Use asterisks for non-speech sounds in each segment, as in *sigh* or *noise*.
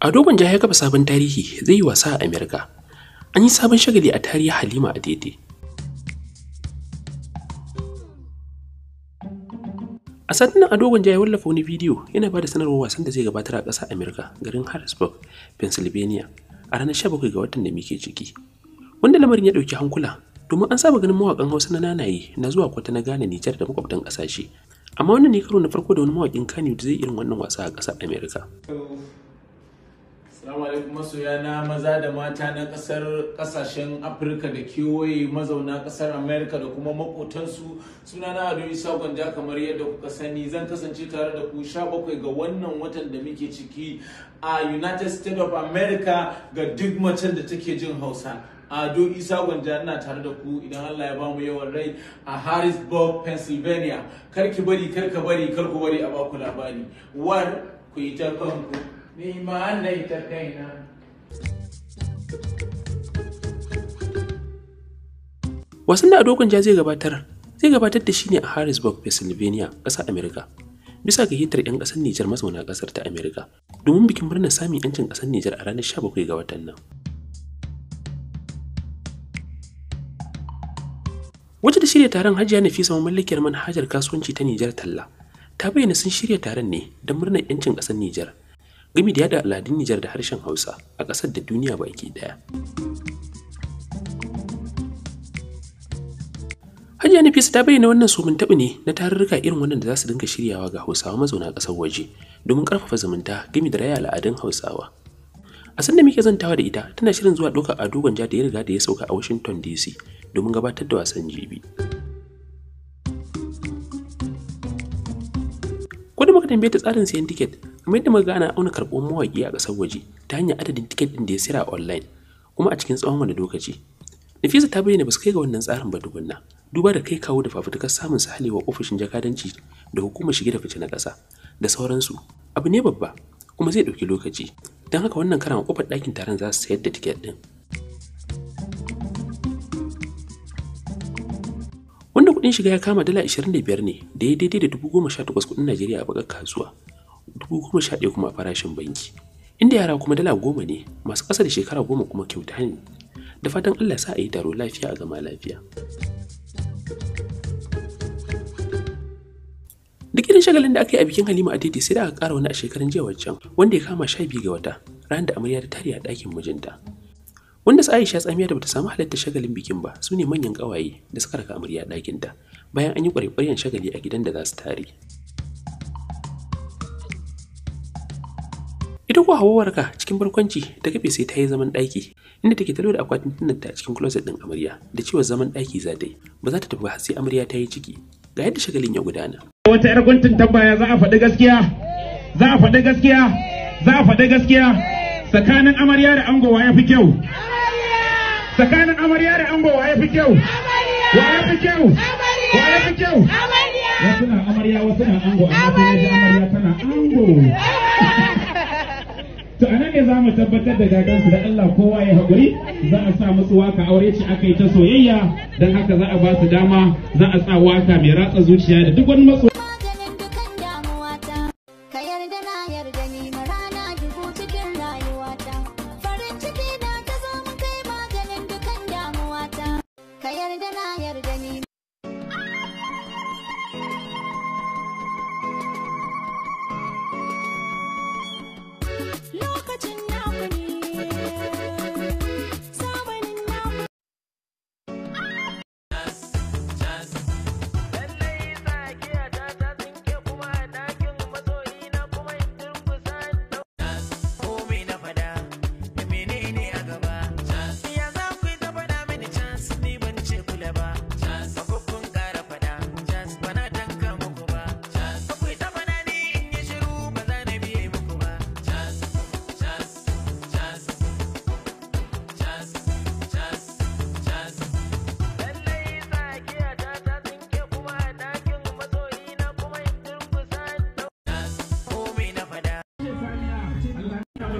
Ado Gwanja ya kafa sabon tarihi zai yi wasa a Amerika. An yi sabon shagali a tarihi Halima a daidai. A satin Ado dogon ya wallafa wani bidiyo yana ba da sanarwar wasan da zai gabatar a ƙasar Amerika garin Harrisburg, Pennsylvania a ranar 17 ga watan da muke ciki. Wanda lamarin ya ɗauki hankula domin an saba ganin mawakan Hausa na nanaye na zuwa kwata na Ghana, Nijar da makwabtan ƙasashe. Amma wannan ne karo na farko da wani mawaƙin Kano da zai irin wannan wasa a ƙasar Amerika. Assalamu alaikum masoya na maza da mata na kasar kasashen Afirka da kewaye mazauna kasar Amerika da kuma makotansu suna na Ado Isa Gwanja kamar yadda kuka sani zan kasance tare da ku sha bakwai ga wannan watan da muke ciki a United States of America ga duk macen da take jin Hausa. Ado Isa Gwanja ina tare da ku idan Allah ya bamu yawan rai a Harrisburg, Pennsylvania. Kar ki bari, kar ka bari, kar ku bari a baku labari. War ku yi ta kanku. ni na kaina wasan da ado gwanja zai gabatar zai gabatar da shi ne a harrisburg pennsylvania ƙasa Amerika, bisa ga hitar 'yan ƙasar nijar mazauna ƙasar ta Amerika, domin bikin murnar samun 'yancin ƙasar nijar a ranar 17 ga watan nan Wace da shirya taron hajiya nafisa mallakiyar manhajar kasuwanci ta nijar talla ta bayyana sun shirya taron ne don murnar 'yancin ƙasar nijar gami da yada al'adun Nijar da harshen Hausa a ƙasar da duniya baki ɗaya. Hajiya Nafisa ta bayyana wannan sumun taɓi ne na tarurruka irin wannan da za su dinga shiryawa ga Hausawa mazauna ƙasar waje domin ƙarfafa zumunta gami da raya al'adun Hausawa. A sanda muke zantawa da ita tana shirin zuwa ɗaukar ado gwanja da ya riga da ya sauka a Washington DC domin gabatar da wasan jibi. Ko da muka tambaye ta tsarin siyan tiket kamar yadda muka gana auna karɓuwar mawaƙi a ƙasar waje ta hanyar adadin tiket ɗin da ya sayar a online kuma a cikin tsawon wani lokaci nafisa ta bayyana ba su kai ga wannan tsarin ba tukunna duba da kai kawo da fafutukar samun sahalewa ofishin jakadanci da hukumar shige da fice na ƙasa da sauransu abu ne babba kuma zai ɗauki lokaci don haka wannan karan kofar ɗakin taron za su sayar da tiket ɗin wanda kuɗin shiga ya kama dala 25 ne da ya daidai da 18,000 kuɗin najeriya a bakar kasuwa dubu goma sha kuma a farashin banki inda yara kuma dala goma ne masu ƙasa da shekara goma kuma kyauta ne da fatan allah sa a yi taro lafiya a zama lafiya duk irin shagalin da aka yi a bikin halima a titi sai da aka ƙara wani a shekarun jiya waccan wanda ya kama sha biyu ga wata ranar da amarya ta tare a ɗakin mijinta wanda su aisha tsamiya da bata samu halarta shagalin bikin ba su ne manyan ƙawaye da suka raka amarya ɗakinta bayan an yi ƙwarƙwaryen shagali a gidan da za su tare Ita kuwa hawa warka cikin barkwanci ta kafe sai ta yi zaman ɗaki inda take talo da akwatin tunan ta cikin closet ɗin amarya da cewa zaman ɗaki za ta yi ba za ta tafi ba sai amarya ta yi ciki ga yadda shagalin ya gudana. Wata 'yar guntun tambaya za a faɗi gaskiya za a faɗi gaskiya za a faɗi gaskiya tsakanin amarya da ango ya fi kyau. Tsakanin amarya da ango ya fi kyau. Wa ya fi kyau. Wa ya fi kyau. Wasu na amarya wasu na ango amma sai amarya tana ango. to a ne za mu tabbatar da gagansu da Allah kowa ya hakuri za a sa musu waka aure ce aka yi ta soyayya don haka za a ba su dama za a sa waka mai ratsa zuciya da duk wani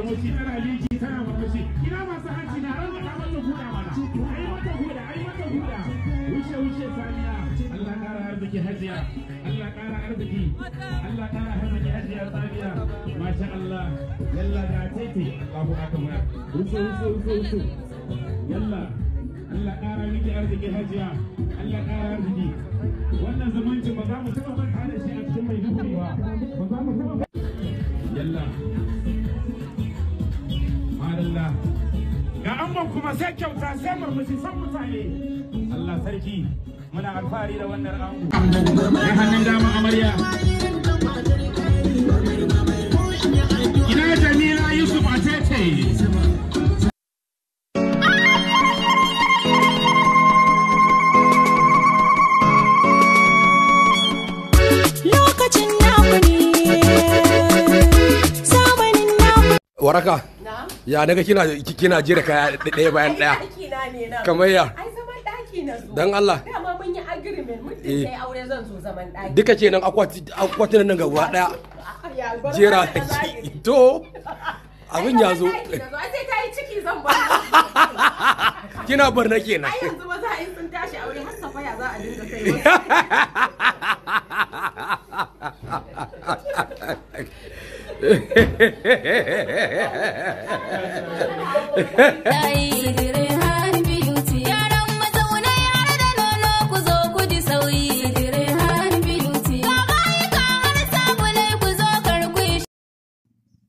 murmushi tana liji tana murmushi ina masu hanci na ran da mata guda mana ai mata guda ai mata wuce wuce saniya Allah kara arziki hajiya Allah kara arziki Allah kara arziki hajiya masha Allah yalla ga tete Allahu akbar wuce wuce wuce wuce yalla Allah kara miki arziki hajiya Allah kara arziki wannan zamancin ba za mu taba manta da shi a cikin mai duhu ba ba za mu taba yalla madalla ga angon kuma sai kyauta sai murmushi san mutane Allah sarki muna alfahari da wannan ango mai hannun dama amarya ina jamila yusuf a tete waraka ya daga kina kina jira kaya ɗaya bayan ɗaya kamar ya dan Allah dama mun yi agreement eh. aure zan zaman ɗaki duka kenan akwati ga gaba ɗaya jera to abin ya zo kina barna kenan a yi sun tashi aure har safaya za a dinga *laughs* *laughs*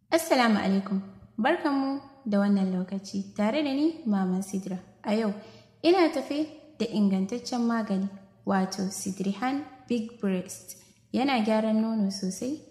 Assalamu alaikum, barkanmu da wannan lokaci tare da ni mama Sidra. A yau, ina tafe da ingantaccen magani wato Sidrihan Big Breast. Yana gyaran nono sosai